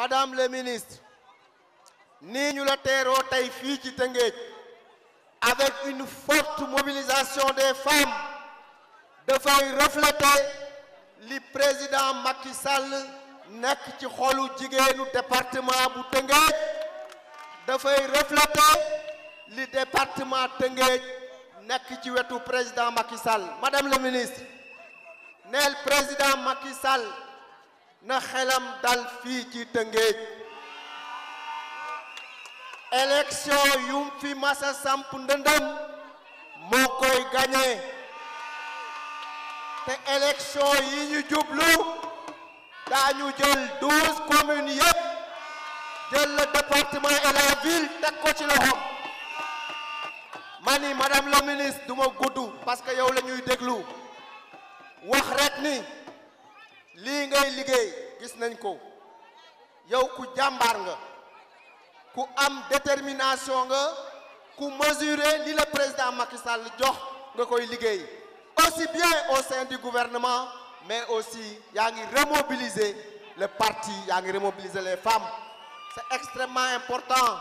madame la ministre nous ñu la avec une forte mobilisation des femmes faire refléter le président Macky Sall est ci xolu de département bu de faire refléter le département Tëngéej qui est le président Macky Sall madame la ministre le président Macky Sall na xelam dal fii ci Tëngéej élection yum fi masa samp ndëndëm moo koy gañe te élection yi ñu jublu daañu jël douze communes yépp jël le département et la ville teg ko ci loxoom ma ni madame la ministre du gudd parce que yow la ñuy déglu wax rek ni li ngay liggéey gis nañ ko yow ku nga ku am détermination nga mesurer li président Macky Sall aussi bien au sein du gouvernement mais aussi yaa remobiliser le parti yaa remobiliser les femmes c'est extrêmement important